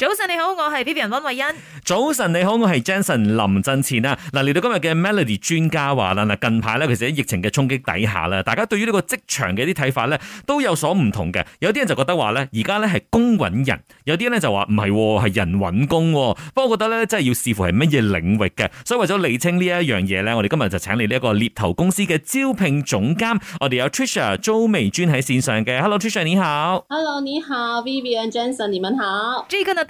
早晨你好，我係 Vivian 溫慧欣。早晨你好，我係 Jenson 林振前啊。嗱，嚟到今日嘅 Melody 專家話啦，嗱，近排咧其實喺疫情嘅衝擊底下啦，大家對於呢個職場嘅啲睇法咧都有所唔同嘅。有啲人就覺得話咧，而家咧係工揾人，有啲人咧就話唔係，係人揾工。不過我覺得咧，真係要視乎係乜嘢領域嘅。所以為咗理清呢一樣嘢咧，我哋今日就請嚟呢一個獵頭公司嘅招聘總監，我哋有 Tricia 周美君喺線上嘅。Hello Tricia，你好。Hello，你好，Vivian Jenson，你哋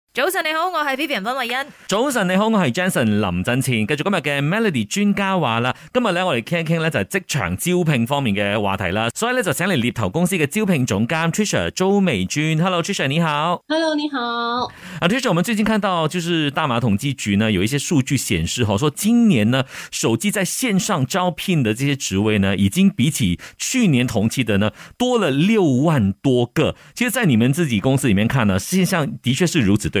早晨你好，我係 Vivian 分惠欣。早晨你好，我係 Jason 林振前。繼續今日嘅 Melody 專家話啦，今日咧我哋傾一傾咧就係職場招聘方面嘅話題啦。所以咧就請嚟獵頭公司嘅招聘總監 Tricia 周美君。Hello Tricia 你好。Hello 你好。啊 Tricia，我們最近看到就是大馬統計局呢，有一些數據顯示，嗬，說今年呢手機在線上招聘的這些職位呢，已經比起去年同期的呢多了六萬多個。其實，在你們自己公司裏面看呢，事實上的確是如此對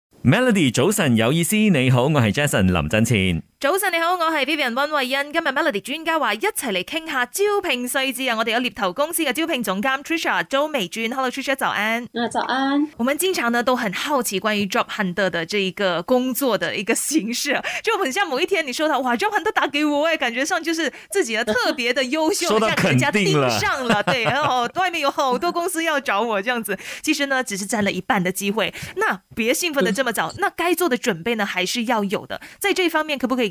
Melody 早晨有意思，你好，我係 Jason 林振前。早晨你好，我係 Vivian 溫慧欣，今日 Melody 專家話一齊嚟傾下招聘細節啊！我哋有獵頭公司嘅招聘總監 Tricia 周美君，Hello Tricia 早安。早安。我們經常呢都很好奇關於 Headhunter 的這一個工作的一個形式，就很像某一天你說到哇 Headhunter 打給我，誒感覺上就是自己啊特別的優秀，吓 人家盯上了，對，然後外面有好多公司要找我，這樣子，其實呢只是佔了一半的機會。那別興奮得這麼早，嗯、那該做的準備呢還是要有的。在這方面可不可以？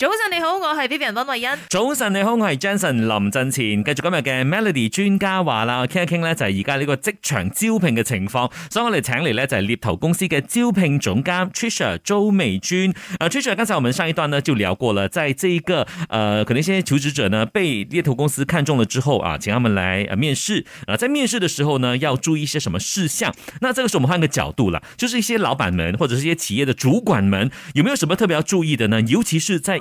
早晨你好，我係 Vivian 溫慧欣。早晨你好，我係 Janson 林振前。繼續今日嘅 Melody 專家話啦，傾一傾呢就係而家呢個職場招聘嘅情況。所以我哋請嚟呢就係、是、獵頭公司嘅招聘總監 Tricia 周美君。啊、呃、Tricia 剛才我們上一段呢就聊過了，在這一個誒、呃，可能一些求職者呢被獵頭公司看中了之後啊，請他們來、呃、面試啊、呃，在面試的時候呢，要注意一些什麼事項？那這個時候我們換個角度啦，就是一些老板們或者是一些企業的主管們，有沒有什麼特別要注意的呢？尤其是在